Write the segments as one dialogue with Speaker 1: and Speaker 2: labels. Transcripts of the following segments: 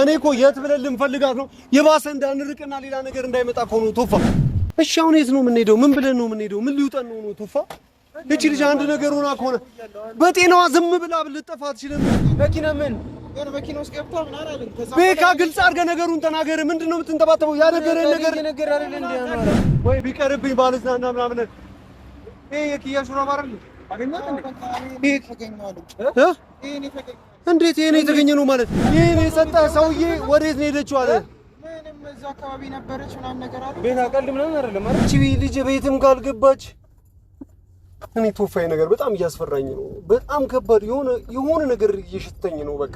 Speaker 1: እኔ እኮ የት ብለን ልንፈልጋት ነው? የባሰ እንዳንርቅና ሌላ ነገር እንዳይመጣ እኮ ነው ቶፋ። እሺ አሁን የት ነው የምንሄደው? ምን ብለን ነው የምንሄደው? ምን ሊውጠን ነው ነው ቶፋ? እቺ ልጅ አንድ ነገር ሆና ከሆነ በጤናዋ ዝም ብላ ልጠፋ ትችልም። መኪና ምን ቤካ ግልጽ አድርገህ ነገሩን ተናገር። ምንድን ነው የምትንጠባጠበው? ያነገረህን ነገር ወይ ቢቀርብኝ ባልዝናና ምናምን ይሄ የክያሹ ነው አይደል እንዴት ይሄ ነው የተገኘ ነው ማለት? ይሄ ነው የሰጠ ሰውዬ ወዴት ነው ሄደችው አለ።
Speaker 2: ምንም እዛ አካባቢ ነበረች ምናምን ነገር
Speaker 1: አለ። ቤት አቀልድ ምናምን አይደለም አይደል? እቺ ልጅ ቤትም ካልገባች እኔ ቶፋዬ ነገር በጣም እያስፈራኝ ነው። በጣም ከባድ የሆነ የሆነ ነገር እየሸተኝ ነው። በቃ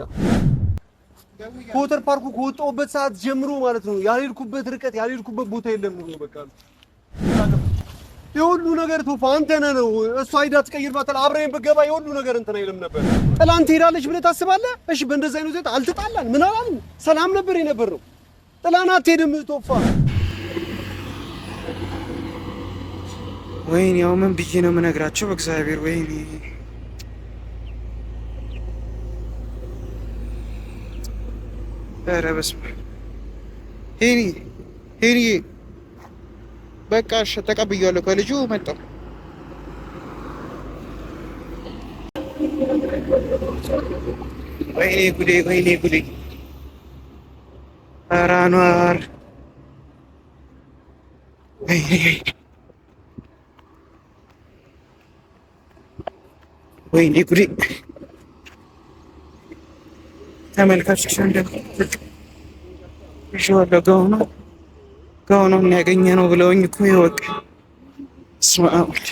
Speaker 1: ኮተር ፓርኩ ከወጣሁበት ሰዓት ጀምሮ ማለት ነው ያልሄድኩበት ርቀት ያልሄድኩበት ቦታ የለም ነው በቃ የሁሉ ነገር ቶፋ አንተ ነህ ነው። እሷ ሂዳ ትቀይርባታል። አብረን ብትገባ የሁሉ ነገር እንትን አይልም ነበር። ጥላን ትሄዳለች ብለህ ታስባለህ? እሺ፣ በእንደዚህ አይነት ሁኔታ አልትጣላን ምን አላልን። ሰላም ነበር የነበር ነው። ጥላን አትሄድም ቶፋ። ወይኔ ያው ምን ብዬ ነው የምነግራቸው በእግዚአብሔር። ወይኔ ኧረ በስመ አብ ሄኒ ሄኒ በቃ ተቀብያለሁ። ከልጁ መጣሁ። ወይኔ ጉዴ! ወይኔ ጉዴ! ኧረ አኗር ወይኔ ጉዴ! ተመልካቾች እንደምን ዋላችሁ? ከሆነ ያገኘ ነው ብለውኝ እኮ ይወቅ ስማውል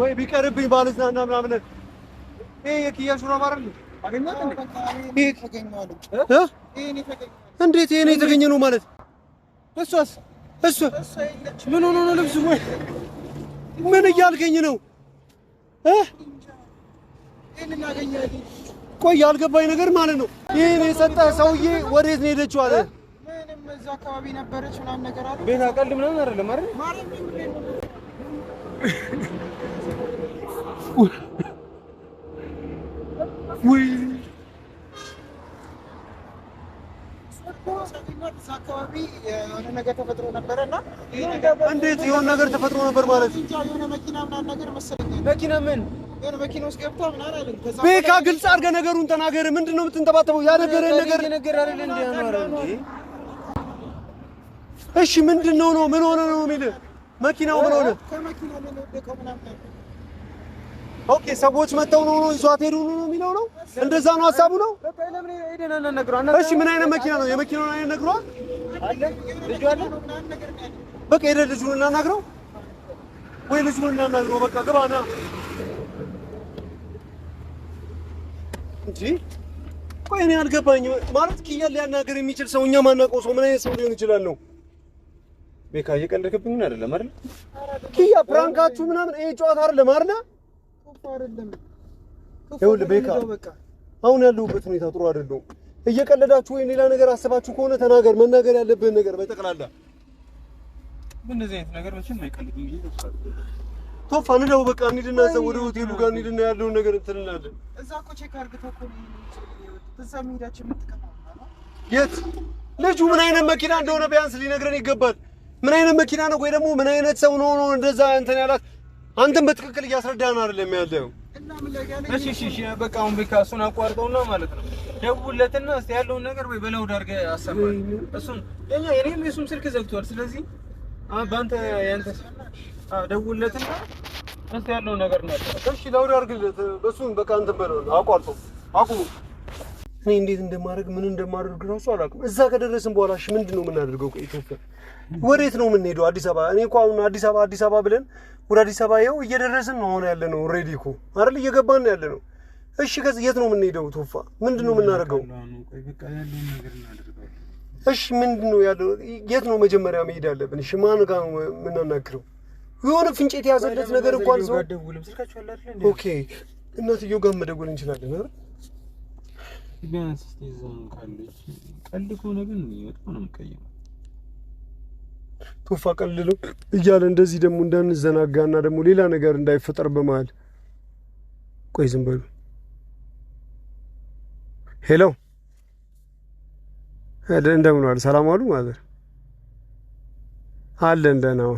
Speaker 1: ወይ ቢቀርብኝ ባልዝናና ምናምን ይሄ የክያ ነው ማለት ነው።
Speaker 2: አገኘሁት እንዴ? ይሄ ተገኘዋል
Speaker 1: ይሄ ነው የተገኘ ነው ማለት ነው። እሷስ እሱ ምን ሆኖ ነው ልብሱ? ወይ ምን እያልከኝ ነው?
Speaker 2: ቆይ ያልገባኝ ነገር ማለት
Speaker 1: ነው ይህን የሰጠ ሰውዬ ወዴት ነው ሄደችው? አለ
Speaker 2: ቤት አቀልድ ምናምን
Speaker 1: አይደለም አይደል? ወይ እንዴት የሆነ ነገር ተፈጥሮ ነበር ማለት መኪና ምን መኪና ውስጥ ቤካ ግልጽ አድርገህ ነገሩን ተናገር። ምንድን ነው የምትንጠባጠበው? ያነገረህ ነገር ነገር አይደለ እንዴ? እሺ ምንድን ነው ነው ምን ሆነ ነው የሚልህ? መኪናው ምን ሆነ? ኦኬ ሰዎች መተው ነው ነው ይዟት ሄዱ ነው የሚለው ነው። እንደዛ ነው ሀሳቡ ነው።
Speaker 2: እሺ ምን አይነት መኪና
Speaker 1: ነው? የመኪናውን አይነት ነግሯል። በቃ ሄደህ ልጁን እናናግረው ወይ ልጁን እናናግረው። በቃ ግባ ና እንጂ ቆይ እኔ አልገባኝ ማለት ኪያል ሊያናገር የሚችል ሰው እኛ ማናውቀው ሰው ምን አይነት ሰው ሊሆን ይችላል ነው ቤካ እየቀለድክብኝ አይደለም አይደል? ኪያ ፕራንካችሁ ምናምን ይሄ ጨዋታ አይደለም አይደል? አሁን ያለሁበት ሁኔታ ጥሩ አይደለሁም። እየቀለዳችሁ ወይም ሌላ ነገር አስባችሁ ከሆነ ተናገር። መናገር ያለብህን ነገር በጠቅላላ ቶፋ ንደው በቃ እንሂድና እዛ ወደ ሆቴሉ ጋር እንሂድና ያለውን ነገር እንትን
Speaker 2: እንላለን። እዛ እኮ ቼክ አድርገህ እኮ እዛ መሄዳችን የምትከፋው
Speaker 1: የት ልጁ ምን አይነት መኪና እንደሆነ ቢያንስ ሊነግረን ይገባል። ምን አይነት መኪና ነው ወይ ደግሞ ምን አይነት ሰው ነው እንደዛ እንትን ያላት አንተም በትክክል እያስረዳን አይደለም ያለው።
Speaker 2: እሺ እሺ እሺ፣ በቃ አሁን በቃ እሱን አቋርጠውና ማለት ነው ደውለትና እስቲ ያለውን ነገር ወይ በለው ዳርገ አሰማል። እሱን እኛ የኔም የሱም ስልክ ዘግቷል። ስለዚህ በአንተ ያንተ ደውለትና እስቲ ያለውን
Speaker 1: ነገር ነው። እሺ ለውድ አድርግለት። እሱን በቃ እንትን በለው አቋርጠው አቁሙ። እኔ እንዴት እንደማደርግ ምን እንደማደርግ ራሱ አላውቅም። እዛ ከደረስን በኋላ እሺ ምንድን ነው የምናደርገው? ከኢትዮጵያ ኢትዮጵያ ወዴት ነው የምንሄደው? አዲስ አበባ። እኔ እኮ አሁን አዲስ አበባ አዲስ አበባ ብለን ወደ አዲስ አበባ ይኸው እየደረስን ነው አሁን ያለ ነው። ኦልሬዲ እኮ አይደል እየገባን ነው ያለ ነው። እሺ ከዚህ የት ነው የምንሄደው? ቶፋ ምንድን ነው የምናደርገው? እሺ ምንድን ነው ያለው? የት ነው መጀመሪያ መሄድ ያለብን? እሺ ማን ጋር ነው የምናናግረው? የሆነ ፍንጭ የተያዘለት ነገር እንኳን ሰው ኦኬ፣ እናትየው ጋር መደወል እንችላለን አይደል
Speaker 2: ቢያንስ እስኪ እዛም ካለች ቀልድ ከሆነ ግን በጣም ነው
Speaker 1: ቶፋ ቀልድ ነው እያለ እንደዚህ ደግሞ እንዳንዘናጋና ደግሞ ሌላ ነገር እንዳይፈጠር በመሀል ቆይ፣ ዝም በሉ። ሄሎ፣ እንደምን ዋል? ሰላም ዋሉ? ማዘር አለ እንደናዋ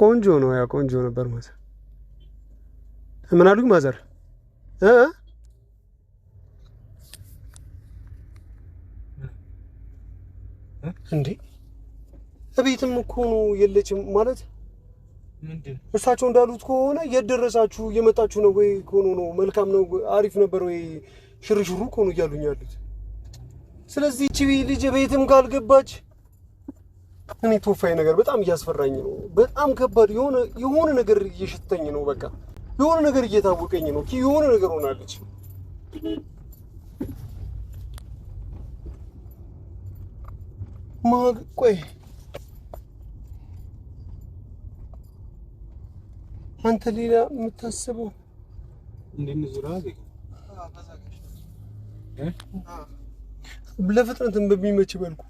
Speaker 1: ቆንጆ ነው ያ ቆንጆ ነበር ማዘር። ምን አሉኝ ማዘር እ እንዴ እቤትም እኮ ነው የለችም ማለት እሳቸው እንዳሉት ከሆነ የደረሳችሁ ደረሳችሁ እየመጣችሁ ነው ወይ ከሆኑ ነው መልካም ነው አሪፍ ነበር ወይ ሽርሽሩ ከሆኑ እያሉኝ ያሉት ስለዚህ እቺ ልጅ ቤትም ካልገባች እኔ ቶፋይ ነገር በጣም እያስፈራኝ ነው በጣም ከባድ የሆነ የሆነ ነገር እየሸተኝ ነው በቃ የሆነ ነገር እየታወቀኝ ነው የሆነ ነገር ሆናለች ማግ ቆይ አንተ ሌላ የምታስበው ለፍጥነትን በሚመች በልኩ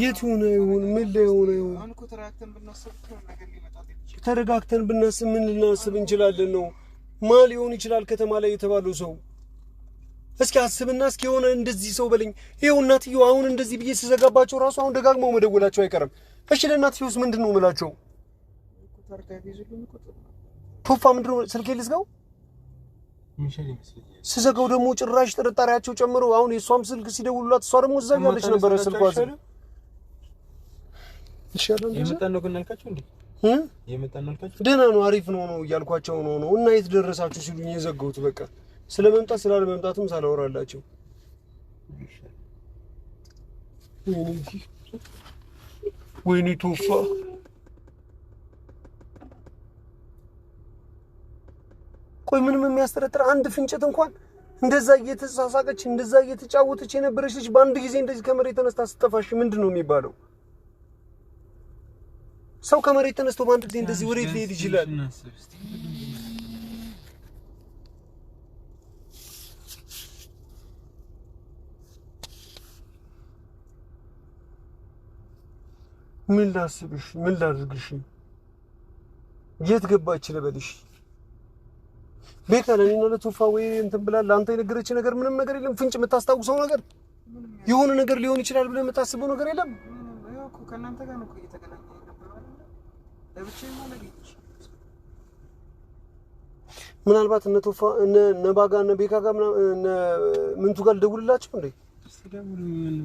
Speaker 1: የት ሆነ ይሁን ምን ላይ ሆነ ይሁን ተረጋግተን ብናስብ ምን ልናስብ እንችላለን ነው ማ ሊሆን ይችላል ከተማ ላይ የተባለው ሰው እስኪ አስብና እስኪ የሆነ እንደዚህ ሰው በለኝ። ይኸው እናትየው አሁን እንደዚህ ብዬ ስዘጋባቸው ራሱ አሁን ደጋግመው መደወላቸው አይቀርም። እሺ ለእናትየውስ ምንድን ነው የምላቸው? ቶፋ ምንድን ነው ስልኬ ልዝጋው? ስዘጋው ደግሞ ጭራሽ ጥርጣሬያቸው ጨምሮ አሁን የእሷም ስልክ ሲደውሉላት እሷ ደግሞ እዛ ያለች ነበረ ስልኳ ደህና ነው አሪፍ ነው ነው እያልኳቸው ነው ነው እና የት ደረሳችሁ ሲሉኝ የዘጋሁት በቃ ስለ መምጣት ስለ አለመምጣትም ሳላወራላቸው ወይኔ ቶፋ ቆይ ምንም የሚያስጠረጥር አንድ ፍንጭት እንኳን እንደዛ እየተሳሳቀች እንደዛ እየተጫወተች የነበረች ልጅ በአንድ ጊዜ እንደዚህ ከመሬት ተነስታ ስጠፋሽ ምንድን ነው የሚባለው? ሰው ከመሬት ተነስቶ በአንድ ጊዜ እንደዚህ ወዴት ሊሄድ ይችላል? ምን ላስብሽ? ምን ላድርግሽ? የት ገባች ልበልሽ? ቤካ ለኔና ለቶፋ ወይ እንትን ብላ ለአንተ የነገረች ነገር ምንም ነገር የለም። ፍንጭ የምታስታውሰው ነገር የሆነ ነገር ሊሆን ይችላል ብለህ የምታስበው ነገር የለም። ምናልባት እነ ቶፋ እነ ነባጋ እነ ቤካ ጋር እነ ምንቱ ጋር ልደውልላቸው እንዴ?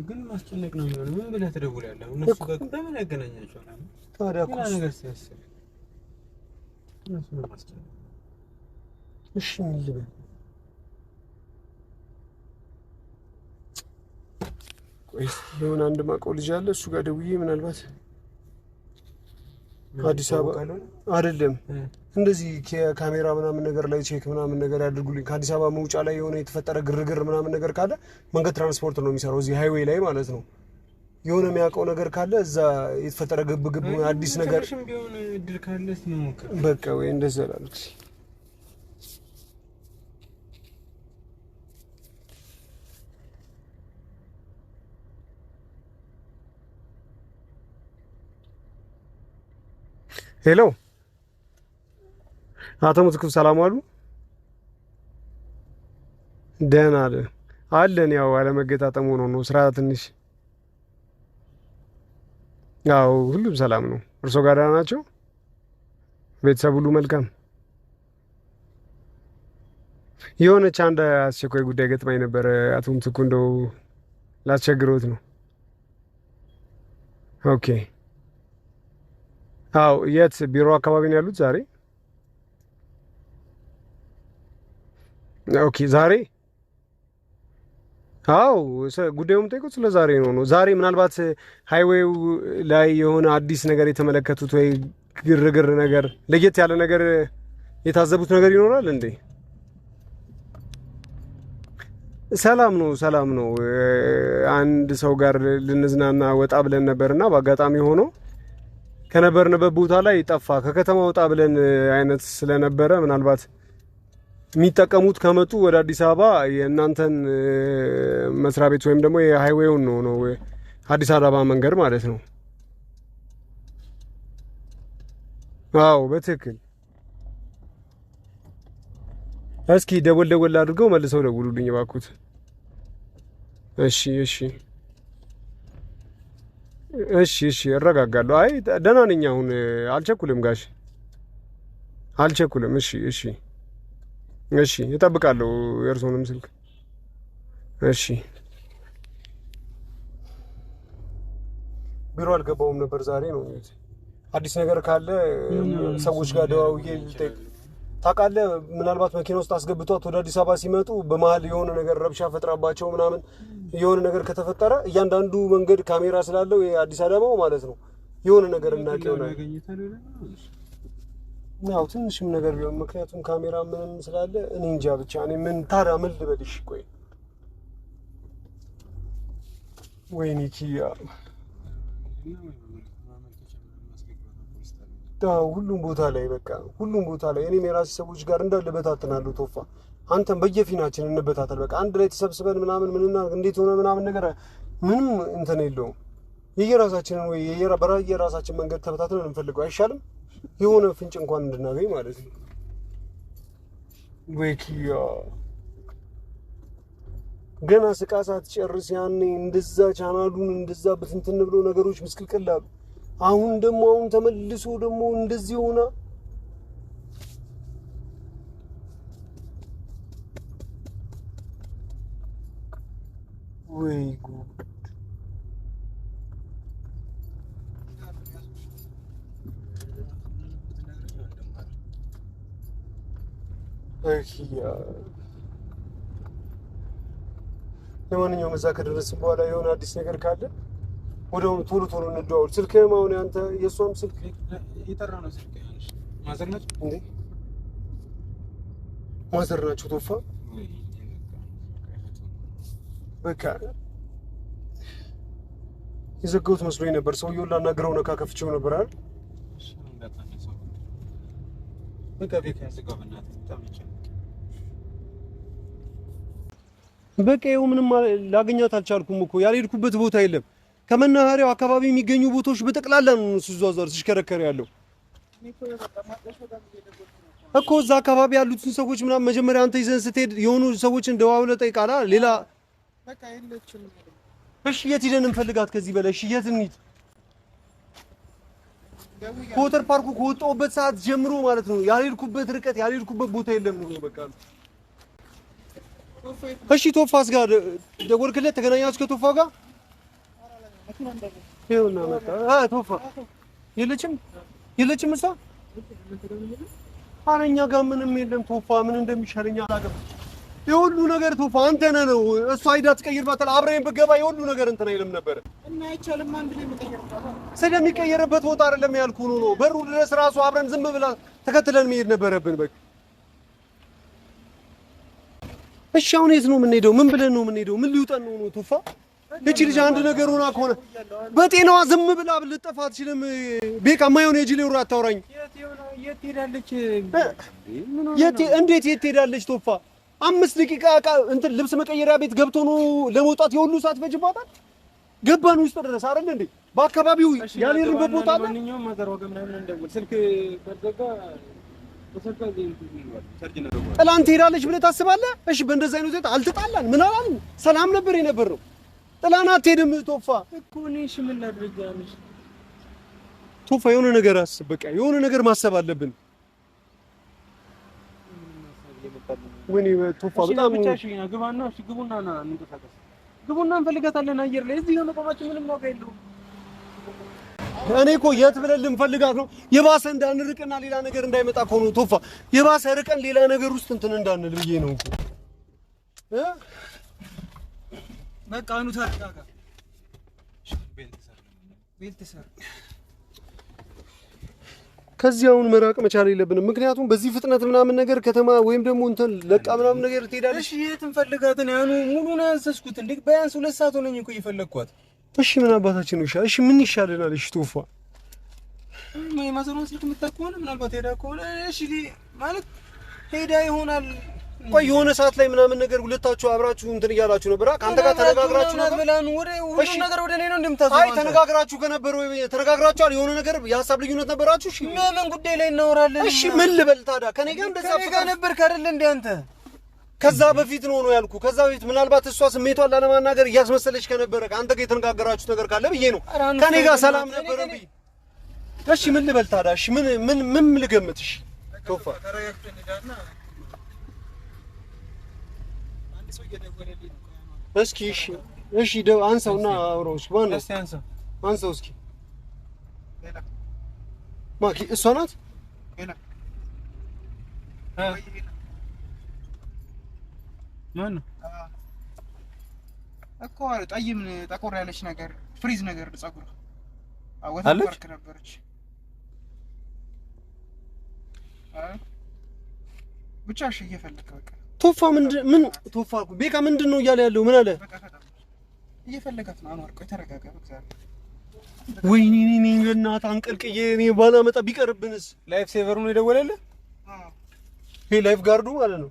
Speaker 2: ግን ማስጨነቅ ነው የሚሆነው። ምን ብለህ ትደውላለህ? እነሱ ጋር በምን ያገናኛቸዋል? ታዲያ እኮ ነገር ሲያስብ እነሱ ነው ማስጨነቅ።
Speaker 1: እሺ ምን ልበል? ቆይ የሆነ አንድ ማውቀው ልጅ አለ፣ እሱ ጋር ደውዬ ምናልባት አዲስ አበባ አይደለም። እንደዚህ ካሜራ ምናምን ነገር ላይ ቼክ ምናምን ነገር ያድርጉልኝ። ከአዲስ አበባ መውጫ ላይ የሆነ የተፈጠረ ግርግር ምናምን ነገር ካለ መንገድ ትራንስፖርት ነው የሚሰራው፣ እዚህ ሃይዌይ ላይ ማለት ነው። የሆነ የሚያውቀው ነገር ካለ እዛ የተፈጠረ ግብግብ አዲስ ነገር በቃ ወይ እንደዛ ሄሎ አቶ ሙትኩ ሰላም አሉ? ደህና አለን። ያው አለመገጣጠም ሆኖ ነው ስራ ትንሽ። ያው ሁሉም ሰላም ነው። እርሶ ጋር ደህና ናቸው? ቤተሰብ ሁሉ መልካም? የሆነች አንድ አስቸኳይ ጉዳይ ገጥማኝ ነበረ አቶ ሙትኩ፣ እንደው ላስቸግሮት ነው። ኦኬ አው የት ቢሮ አካባቢ ነው ያሉት ዛሬ? ኦኬ ዛሬ አው ጉዳዩም ጠይቁት ስለ ዛሬ ነው ነው ዛሬ ምናልባት ሃይዌው ላይ የሆነ አዲስ ነገር የተመለከቱት ወይ ግርግር ነገር ለየት ያለ ነገር የታዘቡት ነገር ይኖራል እንዴ? ሰላም ነው፣ ሰላም ነው። አንድ ሰው ጋር ልንዝናና ወጣ ብለን ነበርና በአጋጣሚ ሆነው ከነበርንበት ቦታ ላይ ጠፋ፣ ከከተማ ወጣ ብለን አይነት ስለነበረ ምናልባት የሚጠቀሙት ከመጡ ወደ አዲስ አበባ የእናንተን መስሪያ ቤት ወይም ደግሞ የሃይዌውን ነው ነው አዲስ አበባ መንገድ ማለት ነው። አዎ በትክክል እስኪ ደወል ደወል አድርገው መልሰው ደውሉልኝ ባኩት። እሺ እሺ። እሺ እሺ፣ እረጋጋለሁ። አይ ደህና ነኝ አሁን አልቸኩልም ጋሽ፣ አልቸኩልም። እሺ እሺ እሺ፣ እጠብቃለሁ የእርስዎንም ስልክ። እሺ ቢሮ አልገባውም ነበር ዛሬ ነው። አዲስ ነገር ካለ ሰዎች ጋር ደዋውዬ ታውቃለህ ምናልባት መኪና ውስጥ አስገብቷት ወደ አዲስ አበባ ሲመጡ በመሀል የሆነ ነገር ረብሻ ፈጥራባቸው ምናምን የሆነ ነገር ከተፈጠረ እያንዳንዱ መንገድ ካሜራ ስላለው የአዲስ አበባው ማለት ነው የሆነ ነገር እናውቅ ይሆናል። ያው ትንሽም ነገር ቢሆን ምክንያቱም ካሜራ ምንም ስላለ እኔ እንጃ ብቻ እኔ ምን ታዲያ ምን ልበልሽ? ቆይ ወይኔ ኪያ ሁሉም ቦታ ላይ በቃ ሁሉም ቦታ ላይ እኔም የራሴ ሰዎች ጋር እንዳለ በታትናለሁ። ቶፋ አንተም በየፊናችን እንበታተል። በቃ አንድ ላይ ተሰብስበን ምናምን ምንና እንዴት ሆነ ምናምን ነገር ምንም እንትን የለውም። የየራሳችንን ወይ የራሳችን መንገድ ተበታትነን እንፈልገው አይሻልም? የሆነ ፍንጭ እንኳን እንድናገኝ ማለት ነው። ወይ ገና ስቃ ሳትጨርስ ያኔ እንደዛ ቻናሉን እንደዛ ብትንትን ብሎ ነገሮች ምስቅልቅል አሉ። አሁን ደግሞ አሁን ተመልሶ ደግሞ እንደዚህ ሆና ወይ ጉድ! ለማንኛውም እዛ ከደረስን በኋላ የሆነ አዲስ ነገር ካለ ወደ ቶሎ ቶሎ እንደዋወል ስልክህም አሁን ያንተ የእሷም ስልክ
Speaker 2: እየጠራ ነው። ስልክ ማዘር
Speaker 1: ናቸው እንዴ? ማዘር ናቸው። ቶፋ በቃ የዘጋሁት መስሎኝ ነበር። ሰውየውን ላናግረው ነካ ከፍቼው ነበር አይደል? በቃ ይኸው ምንም ላገኛት አልቻልኩም እኮ ያልሄድኩበት ቦታ የለም። ከመናኸሪያው አካባቢ የሚገኙ ቦታዎች በጠቅላላ ነው ሲዟዟር ሲሽከረከር ያለው እኮ። እዛ አካባቢ ያሉትን ሰዎች ምናምን መጀመሪያ አንተ ይዘን ስትሄድ የሆኑ ሰዎችን ደዋውለህ ጠይቃላ። ሌላ እሺ፣ የት ሂደን እንፈልጋት? ከዚህ በላይ እሺ፣ የት እንሂድ? ከወተር ፓርኩ ከወጣሁበት ሰዓት ጀምሮ ማለት ነው ያልሄድኩበት ርቀት ያልሄድኩበት ቦታ የለም ነው በቃ። እሺ፣ ቶፋስ ጋር ደወልክለት? ተገናኛችሁ ከቶፋ ጋር ይኸውና መጣ። ቶፋ የለችም የለችም። እሷ ኧረ እኛ ጋር ምንም የለም ቶፋ። ምን እንደሚሻለኝ አላገባም። የሁሉ ነገር ቶፋ አንተ ነህ ነው። እሷ ሂዳ ትቀይር አብረን ብገባ የሁሉ ነገር እንትን አይልም ነበር ስለሚቀየርበት ቦታ አይደለም ያልኩህ ነው ነው በሩ ድረስ ራሱ አብረን ዝም ብላ ተከትለን መሄድ ነበረብን። በቃ እሺ፣ አሁን የት ነው የምንሄደው? ምን ብለን ነው የምንሄደው? ምን ሊውጠን ነው ቶፋ እቺ ልጅ አንድ ነገር ሆና ከሆነ በጤናዋ ዝም ብላ ልጠፋ አትችልም። ቤቃ የማይሆን የጅሌ ወር አታውራኝ። የት እንዴት የት ሄዳለች? ቶፋ አምስት ደቂቃ ቃ እንትን ልብስ መቀየሪያ ቤት ገብቶ ነው ለመውጣት የሁሉ ሰዓት ፈጅባታል። ገባን ውስጥ ድረስ አይደል እንዴ? በአካባቢው ያልሄድንበት ቦታ አለ። ጥላንት ሄዳለች ብለህ ታስባለህ? እሺ፣ በእንደዚህ አይነት ሁኔታ አልተጣላን ምን አላልን። ሰላም ነበር የነበር ጥላና አትሄድም። ቶፋ እኮ እኔ እሺ፣ ምን ላድርጋለሽ? ቶፋ የሆነ ነገር አስብ። በቃ የሆነ ነገር ማሰብ አለብን። ወይኔ ቶፋ በጣም ግባና፣ እሺ፣ ግቡና ና እንንቀሳቀስ። ግቡና እንፈልጋታለን። አየር ላይ እዚህ መቆማችን ምንም ዋጋ የለውም። እኔ እኮ የት ብለን ልንፈልጋት ነው? የባሰ እንዳንርቅና ሌላ ነገር እንዳይመጣ እኮ ቶፋ። የባሰ ርቀን ሌላ ነገር ውስጥ እንትን እንዳንል ብዬ ነው እኮ በቃ አኑ ተረጋጋ። ከዚህ አሁን መራቅ መቻል የለብንም። ምክንያቱም በዚህ ፍጥነት ምናምን ነገር ከተማ ወይም ደግሞ እንትን ለቃ ምናምን ነገር ትሄዳለች። እሺ የት እንፈልጋትን? ያኑ ሙሉን ያዘዝኩት እንዴ በያንስ ሁለት ሰዓት ሆነኝ እኮ እየፈለግኳት። እሺ ምን አባታችን ነው ይሻል? እሺ ምን ይሻለናል? እሺ ቶፋ የማዘሯን ስልክ የምታውቅ ከሆነ ምናልባት ሄዳ ከሆነ እሺ ማለት ሄዳ ይሆናል ቆይ የሆነ ሰዓት ላይ ምናምን ነገር ሁለታችሁ አብራችሁ እንትን እያላችሁ ነበር። ከአንተ ጋር ተነጋግራችሁ ነበር ብለን ወደ ሁሉ ነገር ወደ እኔ ነው እንደምታስበው። አይ ተነጋግራችሁ ከነበር ወይ ተነጋግራችኋል? የሆነ ነገር የሀሳብ ልዩነት ነበራችሁ? እሺ፣ ምን ጉዳይ ላይ እናወራለን? እሺ፣ ምን ልበል ታዲያ? ከኔ ጋር እንደዛ ፍቅር ነበር ካረል እንዴ አንተ ከዛ በፊት ነው ነው ያልኩ። ከዛ በፊት ምናልባት እሷ ስሜቷን ላለማናገር እያስመሰለች ከነበረ አንተ ጋር የተነጋገራችሁት ነገር ካለ ብዬ ነው። ከኔ ጋር ሰላም ነበር ብዬ። እሺ ምን ልበል ታዲያ? እሺ ምን ምን ምን ልገምት? እሺ ከውፋ እስኪ እሺ፣ እሺ፣ ደው አንሳውና አውራው እስኪ ማነው? አንሳው እስኪ ማኪ፣ እሷ ናት እኮ ጠይም ጠቆር ያለች ነገር ፍሪዝ ነገር ጸጉር አወታለች ነበረች። ብቻ እሺ፣ እየፈለክ በቃ ቶፋ ምንድን ምን ቶፋ እኮ ቤካ ምንድን ነው እያለ ያለው? ምን አለ? እየፈለጋት ነው። አንዋር ቆይ ተረጋጋ። ወይኔ እኔ እናት አንቀልቅዬ እኔ ባላመጣ ቢቀርብንስ? ላይፍ ሴቨር ነው የደወለልህ? ይሄ ላይፍ ጋርዱ ማለት ነው።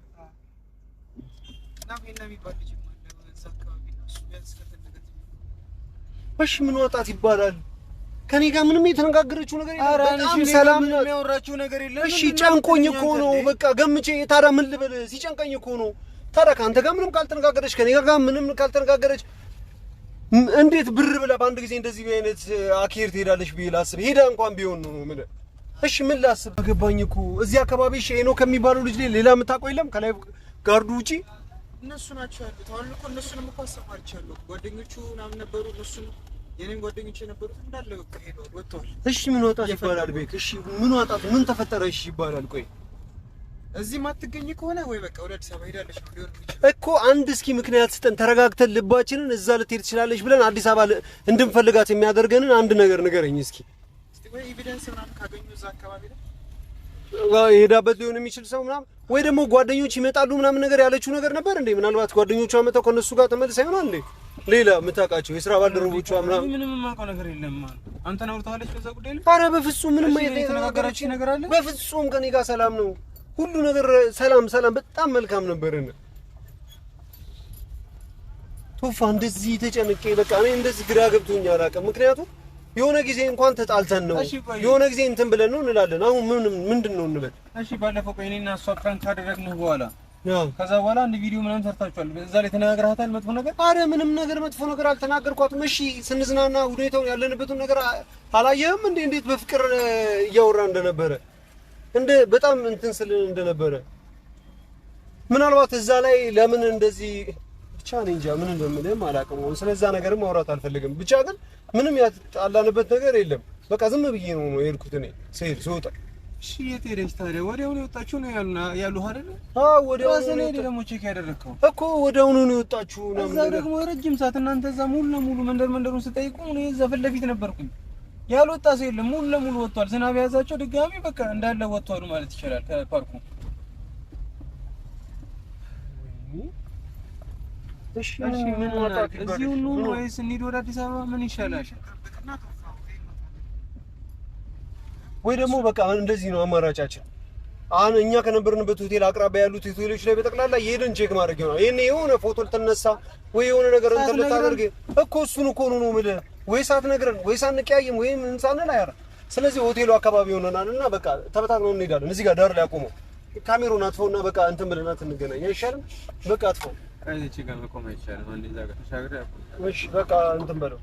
Speaker 1: እሺ ምን ወጣት ይባላል ከኔ ጋር ምንም የተነጋገረችው ነገር የለም። ሰላም የሚያወራችው ነገር የለም። እሺ ጨንቆኝ እኮ ነው በቃ ገምቼ። ታዲያ ምን ልበል? ሲጨንቀኝ እኮ ነው። ታዲያ ከአንተ ጋር ምንም ካልተነጋገረች፣ ከኔ ጋር ምንም ካልተነጋገረች እንዴት ብር ብላ በአንድ ጊዜ እንደዚህ አይነት አኬር ትሄዳለች ብዬ ላስብ? ሄዳ እንኳን ቢሆን ነው ምን እሺ ምን ላስብ? አገባኝ እኮ እዚህ አካባቢ ሼኖ ከሚባለው ልጅ ላይ ሌላ የምታውቀው የለም? ከላይ ጋርዱ ውጪ እነሱ ናቸው ያሉት። አሁን እኮ እነሱንም እኮ አሰማርቻለሁ። ጓደኞቹ ምናምን ነበሩ እነሱን የኔም ጓደኞች የነበሩት እንዳለ ወጥቷል። እሺ ምን ወጣት ይባላል ቤት? እሺ ምን ወጣት ምን ተፈጠረ? እሺ ይባላል። ቆይ እዚህ ማትገኝ ከሆነ ወይ በቃ ወደ አዲስ አበባ ሄዳለች እኮ አንድ እስኪ ምክንያት ስጠን፣ ተረጋግተን ልባችንን እዛ ልትሄድ ትችላለች ብለን አዲስ አበባ እንድንፈልጋት የሚያደርገንን አንድ ነገር ንገረኝ እስኪ። ወይ ኤቪደንስ ምናምን ካገኙ እዛ አካባቢ ላይ ሄዳበት ሊሆን የሚችል ሰው ምናምን ወይ ደግሞ ጓደኞች ይመጣሉ ምናምን ነገር ያለችው ነገር ነበር እንዴ? ምናልባት ጓደኞቿ መተው ከነሱ ጋር ተመልሳ ይሆናል እንዴ? ሌላ የምታውቃቸው የስራ ባልደረቦቿ ምናምን ምንም የማውቀው ነገር የለም። አንተ ነውርታለች በዛ ጉዳይ ላይ ኧረ በፍጹም ምንም የተነጋገራችሁ ነገር አለ? በፍጹም ከኔ ጋር ሰላም ነው ሁሉ ነገር ሰላም ሰላም፣ በጣም መልካም ነበርን። ቶፋ እንደዚህ ተጨንቄ በቃ እኔ እንደዚህ ግራ ገብቶኛ አላውቅም። ምክንያቱም የሆነ ጊዜ እንኳን ተጣልተን ነው የሆነ ጊዜ እንትን ብለን ነው እንላለን። አሁን ምንም ምንድን ነው እንበል? እሺ ባለፈው ቆይ እኔና እሷ ፕራንክ ካደረግን በኋላ ከዛ በኋላ አንድ ቪዲዮ ምናምን ሰርታችኋል። እዛ ላይ ተነጋግራታል መጥፎ ነገር? አረ ምንም ነገር መጥፎ ነገር አልተናገርኳትም። እሺ ስንዝናና ሁኔታውን ያለንበትን ነገር አላየህም እንዴ? እንዴት በፍቅር እያወራ እንደነበረ እንደ በጣም እንትን ስል እንደነበረ ምናልባት እዛ ላይ ለምን እንደዚህ ብቻ ነኝ እንጃ ምን እንደምልህም አላውቅም። ስለዛ ነገር ማውራት አልፈልግም። ብቻ ግን ምንም ያጣላንበት ነገር የለም። በቃ ዝም ብዬ ነው የሄድኩት እኔ ስሄድ ስወጣ እሺ የት ሄደሽ ታዲያ? ወዲያውኑ የወጣችሁ ነው ያሉና ያሉህ አይደል? አዎ ወዲያውኑ ነው ደግሞ ቼክ ያደረግከው እኮ ወዲያውኑ ነው የወጣችሁ ነው። እዛ ደግሞ ረጅም ሰዓት እናንተ እዛ ሙሉ ለሙሉ መንደር መንደሩን ስጠይቁ እኔ እዛ ፊት ለፊት ነበርኩኝ። ያልወጣ ሰው የለም፣ ሙሉ ለሙሉ ወጥቷል። ዝናብ የያዛቸው ድጋሚ በቃ እንዳለ ወጥቷል ማለት ይችላል ከፓርኩ። እሺ ምን ወጣ? እዚሁ ነው ወይስ እንሂድ ወደ አዲስ አበባ? ምን ይሻላል? ወይ ደግሞ በቃ እንደዚህ ነው አማራጫችን። አሁን እኛ ከነበርንበት ሆቴል አቅራቢያ ያሉት ሆቴሎች ላይ በጠቅላላ የሄደን ቼክ ማድረግ ይሆናል። ይሄኔ የሆነ ፎቶ ልትነሳ ወይ የሆነ ነገር እንትን ልታደርግ እኮ እሱን እኮ ነው ነው የምልህ። ወይ ሳትነግረን ወይ ሳንቀያየም ወይም እንሳንን አያረ ስለዚህ ሆቴሉ አካባቢ ሆነናል እና በቃ ተበታትነን እንሄዳለን። እዚህ ጋር ዳር ላይ አቆመው ካሜሮን አጥፎና በቃ እንትን ብለናት እንገናኝ አይሻልም? በቃ አጥፎ እዚህ ጋር መቆም አይቻልም። በቃ እንትን በለው